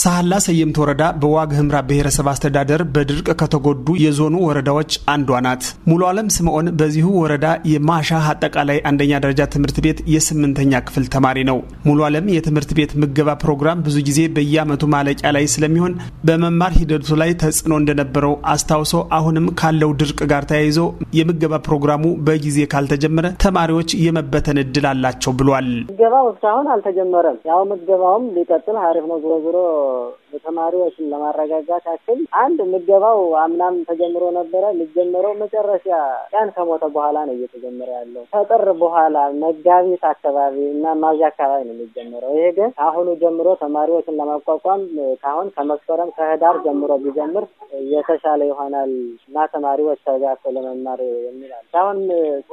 ሳህላ ሰየምት ወረዳ በዋግ ህምራ ብሔረሰብ አስተዳደር በድርቅ ከተጎዱ የዞኑ ወረዳዎች አንዷ ናት። ሙሉ አለም ስምዖን በዚሁ ወረዳ የማሻ አጠቃላይ አንደኛ ደረጃ ትምህርት ቤት የስምንተኛ ክፍል ተማሪ ነው። ሙሉ አለም የትምህርት ቤት ምገባ ፕሮግራም ብዙ ጊዜ በየዓመቱ ማለቂያ ላይ ስለሚሆን በመማር ሂደቱ ላይ ተጽዕኖ እንደነበረው አስታውሶ አሁንም ካለው ድርቅ ጋር ተያይዞ የምገባ ፕሮግራሙ በጊዜ ካልተጀመረ ተማሪዎች የመበተን እድል አላቸው ብሏል። ምገባው እስካሁን አልተጀመረም። ያው ምገባውም ሊቀጥል አሪፍ ነው ዞሮ ዞሮ ተማሪዎችን ለማረጋጋት ያክል አንድ ምገባው አምናም ተጀምሮ ነበረ። የሚጀመረው መጨረሻ ቀን ከሞተ በኋላ ነው እየተጀመረ ያለው ከጥር በኋላ መጋቢት አካባቢ እና ሚያዝያ አካባቢ ነው የሚጀመረው። ይሄ ግን ከአሁኑ ጀምሮ ተማሪዎችን ለማቋቋም ካሁን ከመስከረም ከህዳር ጀምሮ ቢጀምር የተሻለ ይሆናል እና ተማሪዎች ተጋፍተው ለመማር የሚላል አሁን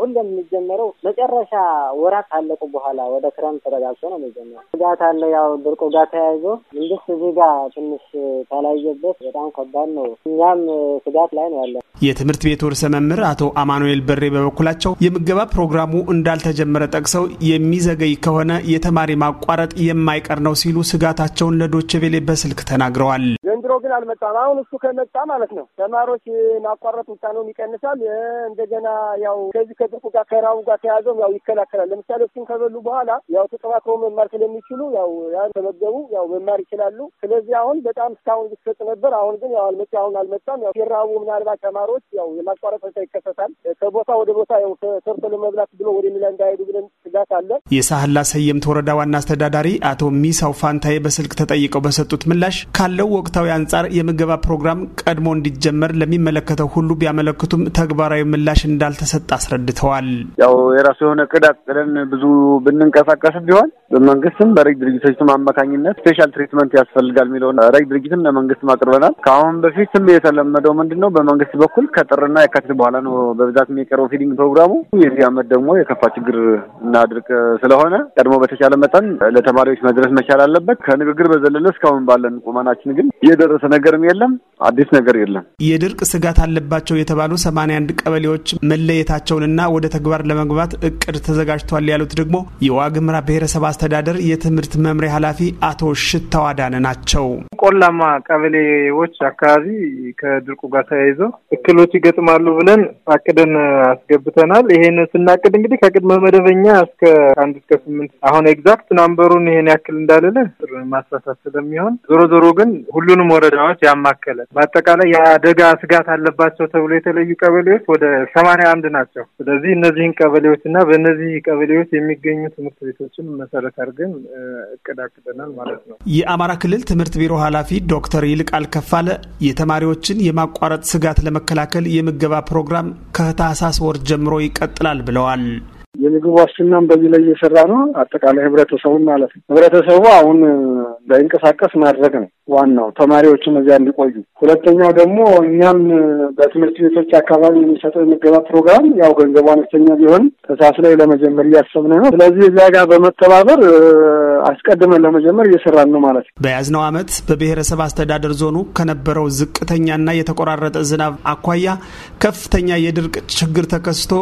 ሁሉም የሚጀምረው መጨረሻ ወራት ካለቁ በኋላ ወደ ክረምት ተረጋግቶ ነው የሚጀምረው። ጋት አለ ያው ድርቁ ጋር ተያይዞ መንግስት እዚህ ጋር ትንሽ ተለያየበት። በጣም ከባድ ነው። እኛም ስጋት ላይ ነው ያለው። የትምህርት ቤቱ ርዕሰ መምህር አቶ አማኑኤል በሬ በበኩላቸው የምገባ ፕሮግራሙ እንዳልተጀመረ ጠቅሰው የሚዘገይ ከሆነ የተማሪ ማቋረጥ የማይቀር ነው ሲሉ ስጋታቸውን ለዶችቬሌ በስልክ ተናግረዋል። ግን አልመጣም። አሁን እሱ ከመጣ ማለት ነው ተማሪዎች ማቋረጥ ውሳኔውም ይቀንሳል። እንደገና ያው ከዚህ ከጥፉ ጋር ከራቡ ጋር ተያዘው ያው ይከላከላል። ለምሳሌ እሱን ከበሉ በኋላ ያው ተጠባክሮ መማር ስለሚችሉ ያው ያን ተመገቡ ያው መማር ይችላሉ። ስለዚህ አሁን በጣም እስካሁን ይሰጥ ነበር። አሁን ግን ያው አልመጣ አሁን አልመጣም። ያው ሲራቡ ምናልባት ተማሪዎች ያው የማቋረጥ ሁኔታ ይከሰታል። ከቦታ ወደ ቦታ ያው ሰርቶ ለመብላት ብሎ ወደ ሚላ እንዳይሄዱ ብለን ስጋት አለ። የሳህላ ሰየምት ወረዳ ዋና አስተዳዳሪ አቶ ሚሳው ፋንታዬ በስልክ ተጠይቀው በሰጡት ምላሽ ካለው ወቅታዊ አንጻር የምገባ ፕሮግራም ቀድሞ እንዲጀመር ለሚመለከተው ሁሉ ቢያመለክቱም ተግባራዊ ምላሽ እንዳልተሰጠ አስረድተዋል። ያው የራሱ የሆነ ቅድ አቅደን ብዙ ብንንቀሳቀስም ቢሆን በመንግስትም በረጅ ድርጅቶችም አማካኝነት ስፔሻል ትሪትመንት ያስፈልጋል የሚለውን ረጅ ድርጅትም ለመንግስትም አቅርበናል። ከአሁን በፊትም የተለመደው ምንድን ነው በመንግስት በኩል ከጥርና የካቲት በኋላ ነው በብዛት የሚቀርበው ፊዲንግ ፕሮግራሙ። የዚህ አመት ደግሞ የከፋ ችግር እና ድርቅ ስለሆነ ቀድሞ በተቻለ መጠን ለተማሪዎች መድረስ መቻል አለበት። ከንግግር በዘለለ እስካሁን ባለን ቁመናችን ግን የደረሰ ነገርም የለም። አዲስ ነገር የለም። የድርቅ ስጋት አለባቸው የተባሉ ሰማንያ አንድ ቀበሌዎች መለየታቸውንና ወደ ተግባር ለመግባት እቅድ ተዘጋጅቷል ያሉት ደግሞ የዋግምራ ብሔረሰብ አስተዳደር የትምህርት መምሪያ ኃላፊ አቶ ሽታው አዳነ ናቸው። ቆላማ ቀበሌዎች አካባቢ ከድርቁ ጋር ተያይዘው እክሎች ይገጥማሉ ብለን አቅደን አስገብተናል። ይሄን ስናቅድ እንግዲህ ከቅድመ መደበኛ እስከ አንድ እስከ ስምንት አሁን ኤግዛክት ናምበሩን ይሄን ያክል እንዳልለ ማስፋሳት ስለሚሆን ዞሮ ዞሮ ግን ሁሉንም ወረዳዎች ያማከለ በአጠቃላይ የአደጋ ስጋት አለባቸው ተብሎ የተለዩ ቀበሌዎች ወደ ሰማንያ አንድ ናቸው። ስለዚህ እነዚህን ቀበሌዎች እና በእነዚህ ቀበሌዎች የሚገኙ ትምህርት ቤቶችን መሰረት አድርገን እቅድ አቅደናል ማለት ነው። የአማራ ክልል ትምህርት ቢሮ ኃላፊ ዶክተር ይልቃል ከፋለ የተማሪዎችን የማቋረጥ ስጋት ለመከላከል የምገባ ፕሮግራም ከታህሳስ ወር ጀምሮ ይቀጥላል ብለዋል። የምግብ ዋስትናም በዚህ ላይ እየሰራ ነው። አጠቃላይ ህብረተሰቡን ማለት ነው። ህብረተሰቡ አሁን እንዳይንቀሳቀስ ማድረግ ነው ዋናው፣ ተማሪዎችም እዚያ እንዲቆዩ። ሁለተኛው ደግሞ እኛም በትምህርት ቤቶች አካባቢ የሚሰጠው የምገባ ፕሮግራም ያው ገንዘቡ አነስተኛ ቢሆንም ተሳስለው ለመጀመር እያሰብን ነው። ስለዚህ እዚያ ጋር በመተባበር አስቀድመን ለመጀመር እየሰራን ነው ማለት ነው። በያዝነው ዓመት በብሔረሰብ አስተዳደር ዞኑ ከነበረው ዝቅተኛና የተቆራረጠ ዝናብ አኳያ ከፍተኛ የድርቅ ችግር ተከስቶ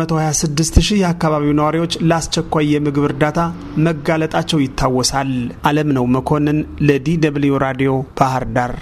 126 ሺህ የአካባቢው ነዋሪዎች ለአስቸኳይ የምግብ እርዳታ መጋለጣቸው ይታወሳል። አለም ነው መኮንን ለዲ ደብልዩ ራዲዮ ባህር ዳር